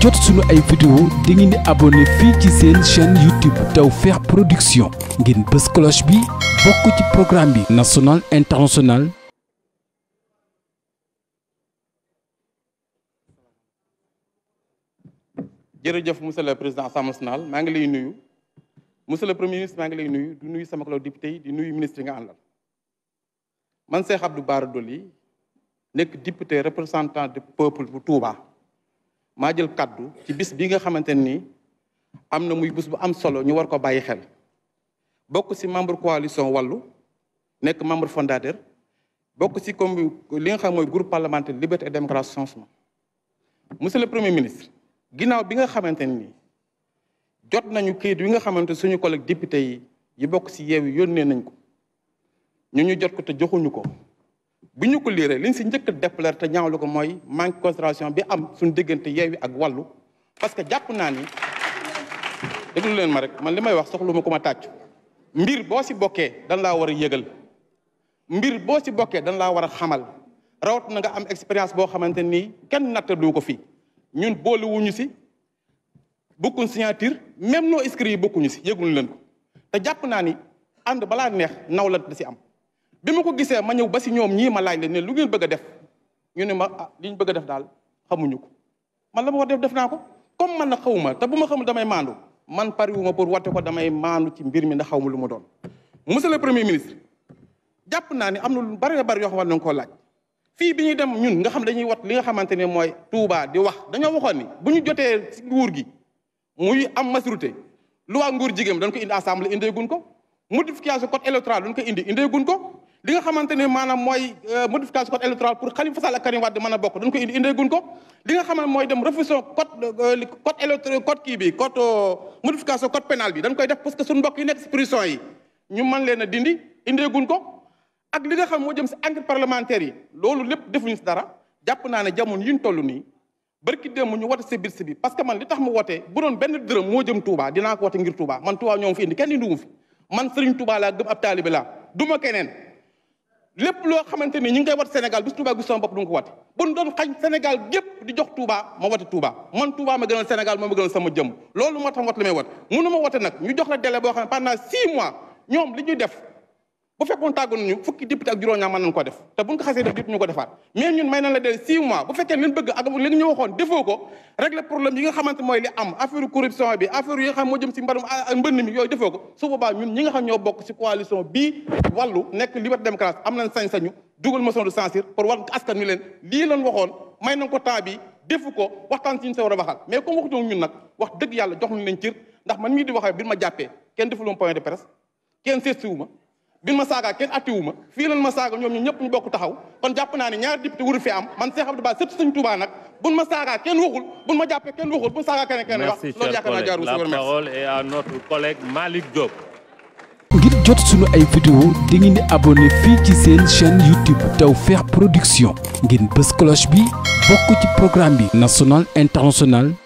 jot suñu ay vidéo da ngeen di abonné fii ci seen chaîne YouTube Tawfekh Production ngeen bës cloche bi bokk ci programme bi national international jërëjëf monsieur le président Assemblée nationale maa ngi lay nuyu monsieur le premier ministre maa ngi lay nuyu du nuyu sama collègue député yi di nuyu ministre yi nga àndal man Cheikh Abdou Bara Dolly nekk député représentant du peuple bu Touba maa jël kàddu ci bis bi nga xamante nii am na muy bis bu am solo ñu war ko bàyyi xel bokk ci membre coalition wàllu nekk membre fondateur bokk ci comme li nga xam mooy groupe parlementaire liberté et démocratie changement le premier ministre ginnaaw bi nga xamante ni jot nañu kayit wi nga xamante suñu collègue député yi yi bokk ci yeew yi yónnee nañ ko ñu ñu jot ko te joxuñu ko bu ñu ko liiree li ñu si njëkk a déplorer te ñaawlu ko mooy manque concentration bi am suñu diggante Yewwi ak Wallu parce que jàpp naa ni déglu leen ma rek man li may wax soxlu ma ko ma tàcc mbir boo si bokkee dañ laa war a yëgal mbir boo ci bokkee dañ laa war a xamal rawat na nga am expérience boo xamante nii kenn nattadu ko fii ñun boolewuñu si bokkuñ signature même noo inscrits yi bokkuñu si yëguñu leen ko te jàpp naa ni ànd balaa neex naw la da si am bi ma ko gisee ma ñëw ba si ñoom ñii ma laaj leen ne lu ngeen bëgg def ñu ne ma ah li ñu bëgg a def daal xamuñu ko man la ma war def def naa ko comme man na xawuma te bu ma xamul damay maandu man pariwuma pour wate ko damay maandu ci mbir mi ndax xawma lu mu doon monsieur le premier ministre naa ne am na lu bari bari yoo xam war nañu koo fii bi ñuy dem ñun nga xam dañuy wat li nga xamante ne mooy Touba di wax dañoo waxoon ni bu ñu jotee si nguur gi muy am majorité loi nguur jigéen dañ ko indi assemblée indee gun ko mu modification code électoral dañ ko indi indee gun ko li nga xamante ne maanaam mooy euh, modification code électoral pour Khalifa Sall ak Karim Wade mën a bokk dañ ko indi indeegun ko li nga xamante mooy dem refusion code euh, code électoral code kii bi code euh, modification code pénal bi dañ koy def parce que suñu mbokk yi nekk si yi ñu man leen a dindi indeegun ko ak li nga xam moo jëm si enquête parlementaire yi loolu lépp defuñu si dara jàpp naa ne jamono yi ñu toll nii barki démb ñu wote si bi parce que man li tax mu wote bu benn dërëm moo jëm Touba dinaa ko wote ngir Touba man ñoo fi indi kenn indiwu fi man Serigne Touba laa laa du ma keneen lépp loo xamante ni ñu ngi koy wat Sénégal bis Touba gis sama bopp du nga ko wate bu ñu doon xañ Sénégal gépp di jox Touba ma wate Touba man Touba ma gënal Sénégal moo ma gënal sama jëmm loolu moo tax wat la may wat mënu ma wate nag ñu jox la délai boo xam ne pendant six mois ñoom li ñuy def bu fekkoon tàggoon ñu fukki député ak juróom-ñaar mën nañu ko def te buñ ko xasee def dootuñu ko defaat mais ñun may nañ la del 6 mois bu fekkee leen bëgg ak li ñu waxoon defoo ko régler problème yi nga xamante mooy li am affaire corruption bi affaire yi nga xam moo jëm si ah, ah, mbënn mi yooyu defoo ko su boobaa ñun ñi nga xam ñoo bokk si coalition bii wàllu nekk liberté démocrate am nañ sañ-sañu dugal motion de censure pour askan ñu leen lii lañ waxoon may nañ ko temps bi ko waxtaan si ñu sa war a waxal mais comme waxutoon ñun nag wax dëgg yàlla jox nañ leen cër ndax man mii di waxee bi jàppee kenn defuluma point de presse kenn seetsiwu ma bin ma saagaa kenn attiwu ma fii lan ma saaga ñoom ñu ñëpp ñu bokk taxaw kon jàpp naa ne ñaari député wuru fi am man Cheikh Abdou Bara sëpp Sëriñ Tuubaa nag buñ ma saagaa kenn waxul buñ ma jàppee kenn waxul buñ saagaa kenn kenn wax loolu yaakaar naa jaarul la parole est à notre collègue Malick ngir jot suñu ay vidéo di ngeen di abonné fii ci seen chaîne YouTube Tawfekh Production ngeen bës cloche bi bokk ci programme bi national international